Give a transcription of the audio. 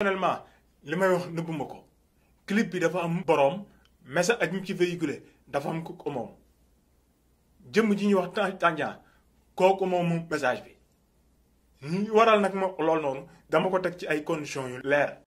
personnellement li may wax nëbbuma ko clip bi dafa am boroom mese ak ñu ci véhiculé dafa am ko moom jëmm ji ñuy wax Tandian kooku moomu message bi ñu waral nag ma lool noonu dama ko teg ci ay conditions yu leer